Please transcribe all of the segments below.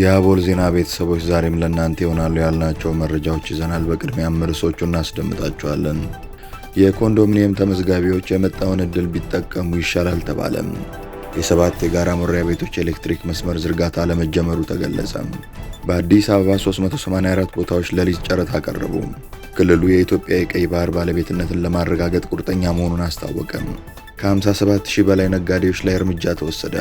የአቦል ዜና ቤተሰቦች ዛሬም ለእናንተ ይሆናሉ ያልናቸው መረጃዎች ይዘናል። በቅድሚያም ርዕሶቹ እናስደምጣቸዋለን። የኮንዶሚኒየም ተመዝጋቢዎች የመጣውን ዕድል ቢጠቀሙ ይሻላል ተባለም። የሰባት የጋራ መኖሪያ ቤቶች ኤሌክትሪክ መስመር ዝርጋታ ለመጀመሩ ተገለጸ። በአዲስ አበባ 384 ቦታዎች ለሊዝ ጨረታ አቀረቡ። ክልሉ የኢትዮጵያ የቀይ ባህር ባለቤትነትን ለማረጋገጥ ቁርጠኛ መሆኑን አስታወቀም። ከ57 ሺህ በላይ ነጋዴዎች ላይ እርምጃ ተወሰደ።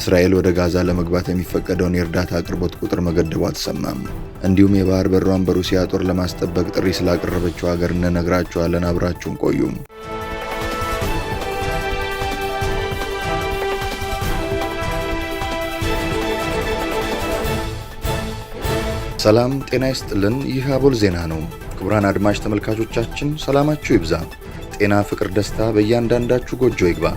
እስራኤል ወደ ጋዛ ለመግባት የሚፈቀደውን የእርዳታ አቅርቦት ቁጥር መገደቡ አልተሰማም። እንዲሁም የባህር በሯን በሩሲያ ጦር ለማስጠበቅ ጥሪ ስላቀረበችው ሀገር እንነግራችኋለን። አብራችሁን ቆዩም። ሰላም ጤና ይስጥልን። ይህ አቦል ዜና ነው። ክቡራን አድማጭ ተመልካቾቻችን ሰላማችሁ ይብዛ፣ ጤና፣ ፍቅር፣ ደስታ በእያንዳንዳችሁ ጎጆ ይግባ።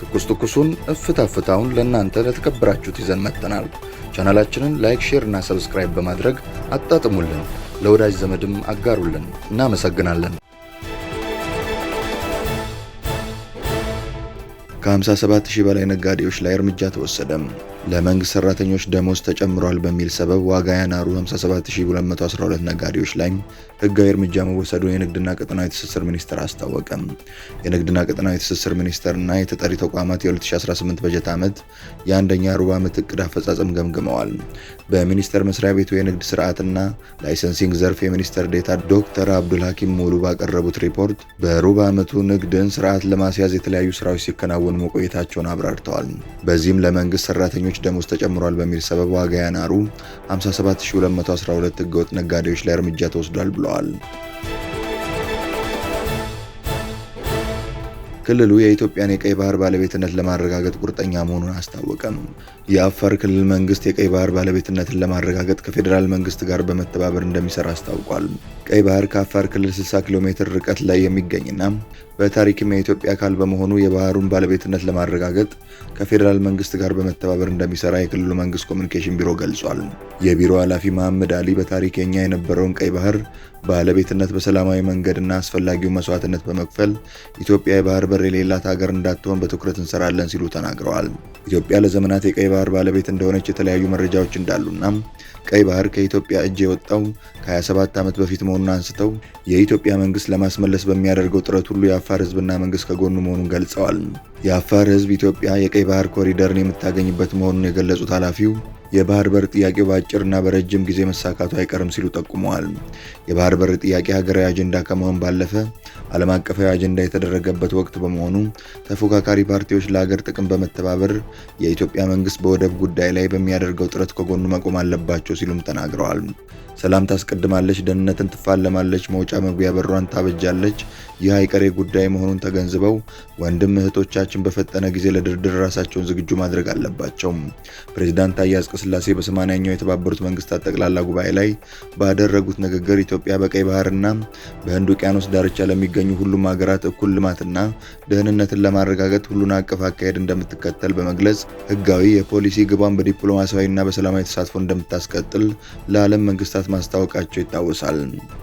ትኩስ ትኩሱን እፍታ ፍታውን ለእናንተ ለተከበራችሁት ይዘን መጥተናል። ቻናላችንን ላይክ፣ ሼር እና ሰብስክራይብ በማድረግ አጣጥሙልን፣ ለወዳጅ ዘመድም አጋሩልን። እናመሰግናለን። ከ57 ሺህ በላይ ነጋዴዎች ላይ እርምጃ ተወሰደ። ለመንግስት ሰራተኞች ደሞዝ ተጨምሯል በሚል ሰበብ ዋጋ ያናሩ 57212 ነጋዴዎች ላይ ህጋዊ እርምጃ መወሰዱን የንግድና ቀጠናዊ ትስስር ሚኒስቴር አስታወቀም። የንግድና ቀጠናዊ ትስስር ሚኒስቴርና የተጠሪ ተቋማት የ2018 በጀት ዓመት የአንደኛ ሩብ ዓመት እቅድ አፈጻጸም ገምግመዋል። በሚኒስቴር መስሪያ ቤቱ የንግድ ስርዓትና ላይሰንሲንግ ዘርፍ የሚኒስትር ዴታ ዶክተር አብዱል ሐኪም ሙሉ ባቀረቡት ሪፖርት በሩብ ዓመቱ ንግድን ስርዓት ለማስያዝ የተለያዩ ስራዎች ሲከናወኑ መቆየታቸውን አብራርተዋል። በዚህም ለመንግስት ሰራተኞች ደሞዝ ተጨምሯል በሚል ሰበብ ዋጋ ያናሩ 57212 ህገወጥ ነጋዴዎች ላይ እርምጃ ተወስዷል ብለዋል። ክልሉ የኢትዮጵያን የቀይ ባህር ባለቤትነት ለማረጋገጥ ቁርጠኛ መሆኑን አስታወቀም። የአፋር ክልል መንግስት የቀይ ባህር ባለቤትነትን ለማረጋገጥ ከፌዴራል መንግስት ጋር በመተባበር እንደሚሰራ አስታውቋል። ቀይ ባህር ከአፋር ክልል 60 ኪሎ ሜትር ርቀት ላይ የሚገኝና በታሪክም የኢትዮጵያ አካል በመሆኑ የባህሩን ባለቤትነት ለማረጋገጥ ከፌዴራል መንግስት ጋር በመተባበር እንደሚሰራ የክልሉ መንግስት ኮሚኒኬሽን ቢሮ ገልጿል። የቢሮ ኃላፊ መሐመድ አሊ በታሪክ የኛ የነበረውን ቀይ ባህር ባለቤትነት በሰላማዊ መንገድና አስፈላጊውን መስዋዕትነት በመክፈል ኢትዮጵያ የባህር በር የሌላት ሀገር እንዳትሆን በትኩረት እንሰራለን ሲሉ ተናግረዋል። ኢትዮጵያ ለዘመናት የቀይ ባህር ባለቤት እንደሆነች የተለያዩ መረጃዎች እንዳሉና ቀይ ባህር ከኢትዮጵያ እጅ የወጣው ከ27 ዓመት በፊት መሆኑን አንስተው የኢትዮጵያ መንግስት ለማስመለስ በሚያደርገው ጥረት ሁሉ የአፋር ህዝብና መንግስት ከጎኑ መሆኑን ገልጸዋል። የአፋር ህዝብ ኢትዮጵያ የቀይ ባህር ኮሪደርን የምታገኝበት መሆኑን የገለጹት ኃላፊው የባህር በር ጥያቄው በአጭርና በረጅም ጊዜ መሳካቱ አይቀርም ሲሉ ጠቁመዋል። የባህር በር ጥያቄ ሀገራዊ አጀንዳ ከመሆን ባለፈ ዓለም አቀፋዊ አጀንዳ የተደረገበት ወቅት በመሆኑ ተፎካካሪ ፓርቲዎች ለሀገር ጥቅም በመተባበር የኢትዮጵያ መንግስት በወደብ ጉዳይ ላይ በሚያደርገው ጥረት ከጎኑ መቆም አለባቸው ሲሉም ተናግረዋል። ሰላም ታስቀድማለች፣ ደህንነትን ትፋለማለች፣ መውጫ መግቢያ በሯን ታበጃለች። ይህ አይቀሬ ጉዳይ መሆኑን ተገንዝበው ወንድም እህቶቻችን በፈጠነ ጊዜ ለድርድር ራሳቸውን ዝግጁ ማድረግ አለባቸው። ፕሬዚዳንት ታዬ አጽቀሥላሴ በ80ኛው የተባበሩት መንግስታት ጠቅላላ ጉባኤ ላይ ባደረጉት ንግግር ኢትዮጵያ በቀይ ባህርና በህንድ ውቅያኖስ ዳርቻ ለሚገኙ ሁሉም ሀገራት እኩል ልማትና ደህንነትን ለማረጋገጥ ሁሉን አቀፍ አካሄድ እንደምትከተል በመግለጽ ህጋዊ የፖሊሲ ግቧን በዲፕሎማሲያዊና በሰላማዊ ተሳትፎ እንደምታስቀጥል ለዓለም መንግስታት ለማስፈታት ማስታወቃቸው ይታወሳል።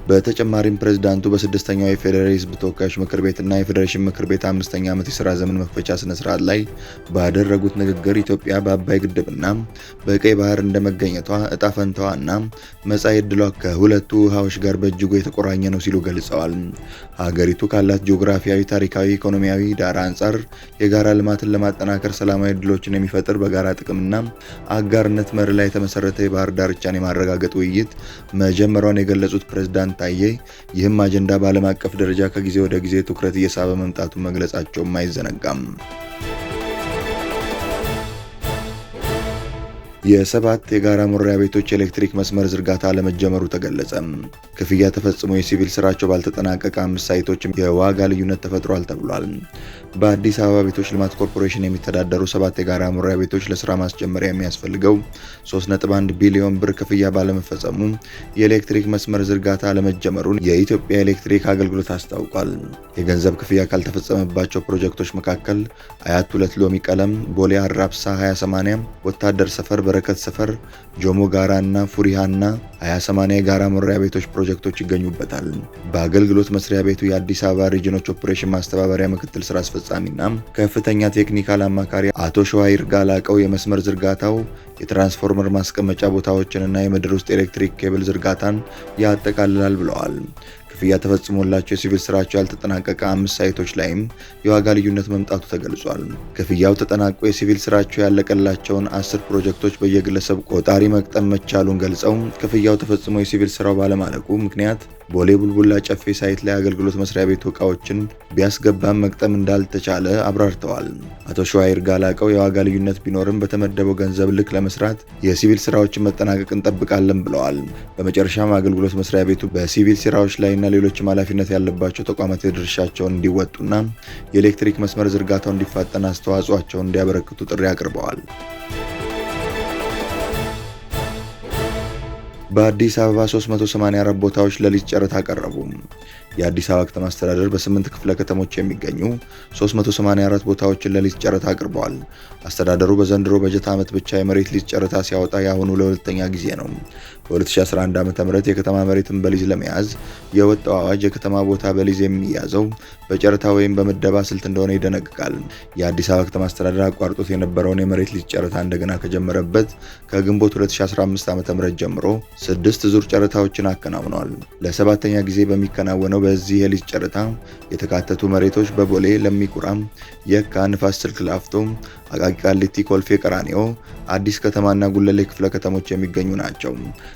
በተጨማሪም ፕሬዝዳንቱ በስድስተኛው የፌዴራል ህዝብ ተወካዮች ምክር ቤትና የፌዴሬሽን ምክር ቤት አምስተኛ ዓመት የስራ ዘመን መክፈቻ ስነስርዓት ላይ ባደረጉት ንግግር ኢትዮጵያ በአባይ ግድብና በቀይ ባህር እንደመገኘቷ እጣ ፈንታዋና መጻኢ ዕድሏ ከሁለቱ ውሃዎች ጋር በእጅጉ የተቆራኘ ነው ሲሉ ገልጸዋል። ሀገሪቱ ካላት ጂኦግራፊያዊ፣ ታሪካዊ፣ ኢኮኖሚያዊ ዳራ አንጻር የጋራ ልማትን ለማጠናከር ሰላማዊ ዕድሎችን የሚፈጥር በጋራ ጥቅምና አጋርነት መር ላይ የተመሰረተ የባህር ዳርቻን የማረጋገጥ ውይይት መጀመሯን የገለጹት ፕሬዝዳንት ታዬ ይህም አጀንዳ በዓለም አቀፍ ደረጃ ከጊዜ ወደ ጊዜ ትኩረት እየሳበ መምጣቱን መግለጻቸውም አይዘነጋም። የሰባት የጋራ መኖሪያ ቤቶች የኤሌክትሪክ መስመር ዝርጋታ አለመጀመሩ ተገለጸ። ክፍያ ተፈጽሞ የሲቪል ስራቸው ባልተጠናቀቀ አምስት ሳይቶች የዋጋ ልዩነት ተፈጥሯል ተብሏል። በአዲስ አበባ ቤቶች ልማት ኮርፖሬሽን የሚተዳደሩ ሰባት የጋራ መኖሪያ ቤቶች ለስራ ማስጀመሪያ የሚያስፈልገው 3.1 ቢሊዮን ብር ክፍያ ባለመፈጸሙ የኤሌክትሪክ መስመር ዝርጋታ አለመጀመሩን የኢትዮጵያ ኤሌክትሪክ አገልግሎት አስታውቋል። የገንዘብ ክፍያ ካልተፈጸመባቸው ፕሮጀክቶች መካከል አያት ሁለት ሎሚ ቀለም፣ ቦሌ አራብሳ 28 ወታደር ሰፈር በረከት ሰፈር፣ ጆሞ ጋራ እና ፉሪሃ እና 28 የጋራ መኖሪያ ቤቶች ፕሮጀክቶች ይገኙበታል። በአገልግሎት መስሪያ ቤቱ የአዲስ አበባ ሪጅኖች ኦፕሬሽን ማስተባበሪያ ምክትል ስራ አስፈጻሚና ከፍተኛ ቴክኒካል አማካሪ አቶ ሸዋ ይርጋ ላቀው የመስመር ዝርጋታው የትራንስፎርመር ማስቀመጫ ቦታዎችንና የምድር ውስጥ ኤሌክትሪክ ኬብል ዝርጋታን ያጠቃልላል ብለዋል። ክፍያ ተፈጽሞላቸው የሲቪል ስራቸው ያልተጠናቀቀ አምስት ሳይቶች ላይም የዋጋ ልዩነት መምጣቱ ተገልጿል። ክፍያው ተጠናቆ የሲቪል ስራቸው ያለቀላቸውን አስር ፕሮጀክቶች በየግለሰብ ቆጣሪ መቅጠም መቻሉን ገልጸው ክፍያው ተፈጽሞ የሲቪል ስራው ባለማለቁ ምክንያት ቦሌ ቡልቡላ ጨፌ ሳይት ላይ አገልግሎት መስሪያ ቤቱ እቃዎችን ቢያስገባም መቅጠም እንዳልተቻለ አብራርተዋል። አቶ ሸዋይር ጋላቀው የዋጋ ልዩነት ቢኖርም በተመደበው ገንዘብ ልክ ለመስራት የሲቪል ስራዎችን መጠናቀቅ እንጠብቃለን ብለዋል። በመጨረሻም አገልግሎት መስሪያ ቤቱ በሲቪል ስራዎች ላይና ሌሎችም ኃላፊነት ያለባቸው ተቋማት የድርሻቸውን እንዲወጡና የኤሌክትሪክ መስመር ዝርጋታው እንዲፋጠን አስተዋጽኦቸውን እንዲያበረክቱ ጥሪ አቅርበዋል። በአዲስ አበባ 384 ቦታዎች ለሊዝ ጨረታ ቀረቡ። የአዲስ አበባ ከተማ አስተዳደር በስምንት ክፍለ ከተሞች የሚገኙ 384 ቦታዎችን ለሊዝ ጨረታ አቅርበዋል። አስተዳደሩ በዘንድሮ በጀት ዓመት ብቻ የመሬት ሊዝ ጨረታ ሲያወጣ የአሁኑ ለሁለተኛ ጊዜ ነው። በ2011 ዓ ም የከተማ መሬትን በሊዝ ለመያዝ የወጣው አዋጅ የከተማ ቦታ በሊዝ የሚያዘው በጨረታ ወይም በምደባ ስልት እንደሆነ ይደነግጋል። የአዲስ አበባ ከተማ አስተዳደር አቋርጦት የነበረውን የመሬት ሊዝ ጨረታ እንደገና ከጀመረበት ከግንቦት 2015 ዓ ም ጀምሮ ስድስት ዙር ጨረታዎችን አከናውነዋል። ለሰባተኛ ጊዜ በሚከናወነው በዚህ የሊዝ ጨረታ የተካተቱ መሬቶች በቦሌ ለሚ ኩራም፣ የካ፣ ንፋስ ስልክ ላፍቶ፣ አቃቂ ቃሊቲ፣ ኮልፌ ቀራኒዮ፣ አዲስ ከተማና ጉለሌ ክፍለ ከተሞች የሚገኙ ናቸው።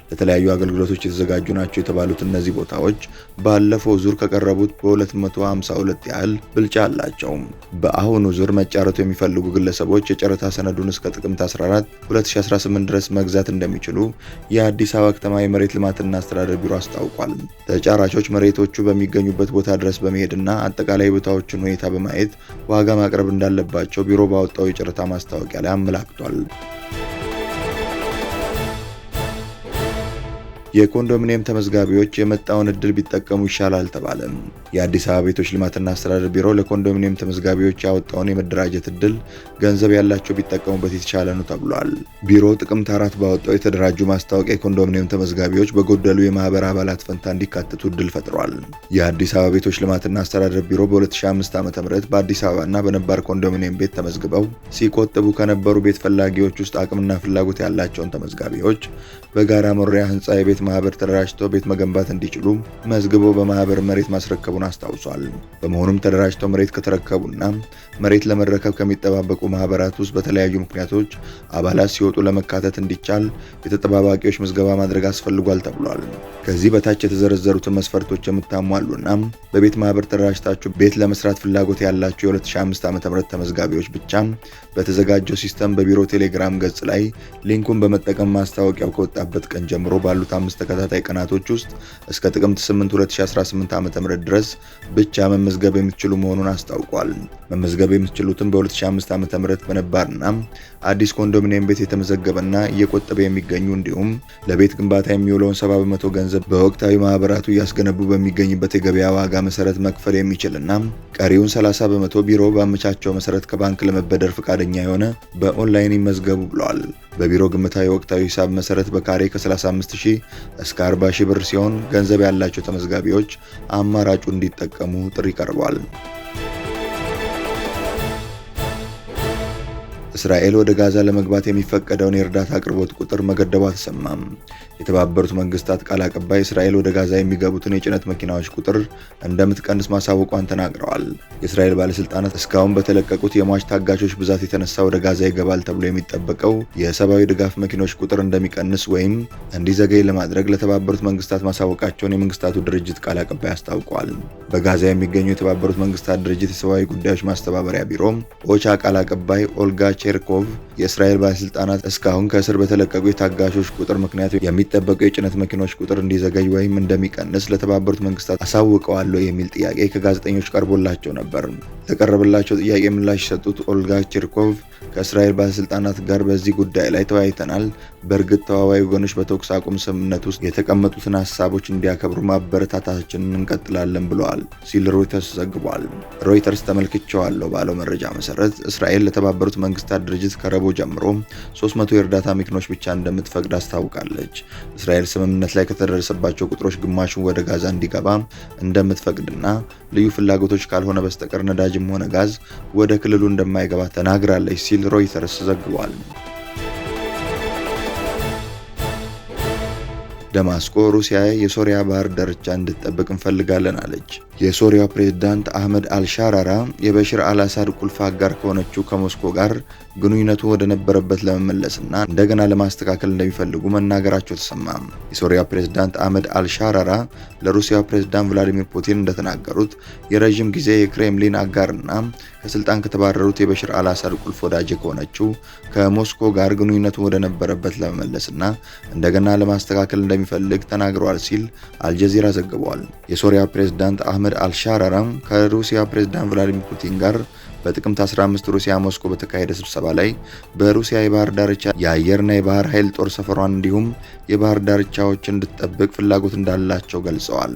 ለተለያዩ አገልግሎቶች የተዘጋጁ ናቸው የተባሉት እነዚህ ቦታዎች ባለፈው ዙር ከቀረቡት በ252 ያህል ብልጫ አላቸው። በአሁኑ ዙር መጫረቱ የሚፈልጉ ግለሰቦች የጨረታ ሰነዱን እስከ ጥቅምት 14 2018 ድረስ መግዛት እንደሚችሉ የአዲስ አበባ ከተማ የመሬት ልማትና አስተዳደር ቢሮ አስታውቋል። ተጫራቾች መሬቶቹ በሚገኙበት ቦታ ድረስ በመሄድና አጠቃላይ ቦታዎችን ሁኔታ በማየት ዋጋ ማቅረብ እንዳለባቸው ቢሮ ባወጣው ምስረታ ማስታወቂያ ላይ አመላክቷል። የኮንዶሚኒየም ተመዝጋቢዎች የመጣውን እድል ቢጠቀሙ ይሻላል ተባለ። የአዲስ አበባ ቤቶች ልማትና አስተዳደር ቢሮ ለኮንዶሚኒየም ተመዝጋቢዎች ያወጣውን የመደራጀት እድል ገንዘብ ያላቸው ቢጠቀሙበት የተሻለ ነው ተብሏል። ቢሮ ጥቅምት አራት ባወጣው የተደራጁ ማስታወቂያ የኮንዶሚኒየም ተመዝጋቢዎች በጎደሉ የማህበር አባላት ፈንታ እንዲካተቱ እድል ፈጥሯል። የአዲስ አበባ ቤቶች ልማትና አስተዳደር ቢሮ በ2005 ዓ ም በአዲስ አበባና በነባር ኮንዶሚኒየም ቤት ተመዝግበው ሲቆጥቡ ከነበሩ ቤት ፈላጊዎች ውስጥ አቅምና ፍላጎት ያላቸውን ተመዝጋቢዎች በጋራ መኖሪያ ህንፃ የቤት ማህበር ተደራጅተው ቤት መገንባት እንዲችሉ መዝግቦ በማህበር መሬት ማስረከቡን አስታውሷል። በመሆኑም ተደራጅተው መሬት ከተረከቡና መሬት ለመረከብ ከሚጠባበቁ ማህበራት ውስጥ በተለያዩ ምክንያቶች አባላት ሲወጡ ለመካተት እንዲቻል የተጠባባቂዎች ምዝገባ ማድረግ አስፈልጓል ተብሏል። ከዚህ በታች የተዘረዘሩትን መስፈርቶች የምታሟሉና በቤት ማህበር ተደራጅታችሁ ቤት ለመስራት ፍላጎት ያላችሁ የ2005 ዓ ም ተመዝጋቢዎች ብቻ በተዘጋጀው ሲስተም በቢሮ ቴሌግራም ገጽ ላይ ሊንኩን በመጠቀም ማስታወቂያው ከወጣበት ቀን ጀምሮ ባሉት አምስት በ ተከታታይ ቀናቶች ውስጥ እስከ ጥቅምት 8 2018 ዓ ም ድረስ ብቻ መመዝገብ የምትችሉ መሆኑን አስታውቋል። መመዝገብ የምትችሉትም በ2005 ዓ ም በነባርና አዲስ ኮንዶሚኒየም ቤት የተመዘገበና እየቆጠበ የሚገኙ እንዲሁም ለቤት ግንባታ የሚውለውን 70 በመቶ ገንዘብ በወቅታዊ ማህበራቱ እያስገነቡ በሚገኝበት የገበያ ዋጋ መሰረት መክፈል የሚችልና ቀሪውን 30 በመቶ ቢሮ ባመቻቸው መሰረት ከባንክ ለመበደር ፈቃደኛ የሆነ በኦንላይን ይመዝገቡ ብለዋል። በቢሮ ግምታዊ ወቅታዊ ሂሳብ መሰረት በካሬ ከ35000 እስከ 40000 ብር ሲሆን ገንዘብ ያላቸው ተመዝጋቢዎች አማራጩ እንዲጠቀሙ ጥሪ ቀርቧል። እስራኤል ወደ ጋዛ ለመግባት የሚፈቀደውን የእርዳታ አቅርቦት ቁጥር መገደቧ ተሰማም። የተባበሩት መንግስታት ቃል አቀባይ እስራኤል ወደ ጋዛ የሚገቡትን የጭነት መኪናዎች ቁጥር እንደምትቀንስ ማሳወቋን ተናግረዋል። የእስራኤል ባለስልጣናት እስካሁን በተለቀቁት የሟች ታጋቾች ብዛት የተነሳ ወደ ጋዛ ይገባል ተብሎ የሚጠበቀው የሰብአዊ ድጋፍ መኪኖች ቁጥር እንደሚቀንስ ወይም እንዲዘገይ ለማድረግ ለተባበሩት መንግስታት ማሳወቃቸውን የመንግስታቱ ድርጅት ቃል አቀባይ አስታውቋል። በጋዛ የሚገኙ የተባበሩት መንግስታት ድርጅት የሰብአዊ ጉዳዮች ማስተባበሪያ ቢሮም ኦቻ ቃል አቀባይ ኦልጋ ቼርኮቭ የእስራኤል ባለስልጣናት እስካሁን ከእስር በተለቀቁ የታጋሾች ቁጥር ምክንያት የሚጠበቁ የጭነት መኪኖች ቁጥር እንዲዘገይ ወይም እንደሚቀንስ ለተባበሩት መንግስታት አሳውቀዋለሁ የሚል ጥያቄ ከጋዜጠኞች ቀርቦላቸው ነበር። ለቀረበላቸው ጥያቄ ምላሽ የሰጡት ኦልጋ ቼርኮቭ ከእስራኤል ባለስልጣናት ጋር በዚህ ጉዳይ ላይ ተወያይተናል። በእርግጥ ተዋዋይ ወገኖች በተኩስ አቁም ስምምነት ውስጥ የተቀመጡትን ሀሳቦች እንዲያከብሩ ማበረታታችንን እንቀጥላለን ብለዋል ሲል ሮይተርስ ዘግቧል። ሮይተርስ ተመልክቸዋለሁ ባለው መረጃ መሰረት እስራኤል ለተባበሩት መንግስታት መንግስታት ድርጅት ከረቦ ጀምሮ 300 የእርዳታ መኪኖች ብቻ እንደምትፈቅድ አስታውቃለች። እስራኤል ስምምነት ላይ ከተደረሰባቸው ቁጥሮች ግማሹን ወደ ጋዛ እንዲገባ እንደምትፈቅድና ልዩ ፍላጎቶች ካልሆነ በስተቀር ነዳጅም ሆነ ጋዝ ወደ ክልሉ እንደማይገባ ተናግራለች ሲል ሮይተርስ ዘግቧል። ደማስቆ ሩሲያ የሶሪያ ባህር ዳርቻ እንድትጠብቅ እንፈልጋለን አለች። የሶሪያው ፕሬዝዳንት አህመድ አልሻራራ የበሽር አልአሳድ ቁልፍ አጋር ከሆነችው ከሞስኮ ጋር ግንኙነቱ ወደ ነበረበት ለመመለስና እንደገና ለማስተካከል እንደሚፈልጉ መናገራቸው ተሰማ። የሶሪያ ፕሬዝዳንት አህመድ አልሻራራ ለሩሲያ ፕሬዝዳንት ቭላዲሚር ፑቲን እንደተናገሩት የረዥም ጊዜ የክሬምሊን አጋርና ከስልጣን ከተባረሩት የበሽር አልአሳድ ቁልፍ ወዳጅ ከሆነችው ከሞስኮ ጋር ግንኙነቱን ወደነበረበት ለመመለስና እንደገና ለማስተካከል እንደሚፈልግ ተናግሯል ሲል አልጀዚራ ዘግቧል። የሶሪያ ፕሬዝዳንት አህመድ አልሻራራም ከሩሲያ ፕሬዝዳንት ቭላዲሚር ፑቲን ጋር በጥቅምት 15 ሩሲያ ሞስኮ በተካሄደ ስብሰባ ላይ በሩሲያ የባህር ዳርቻ የአየርና የባህር ኃይል ጦር ሰፈሯን እንዲሁም የባህር ዳርቻዎችን እንድትጠብቅ ፍላጎት እንዳላቸው ገልጸዋል።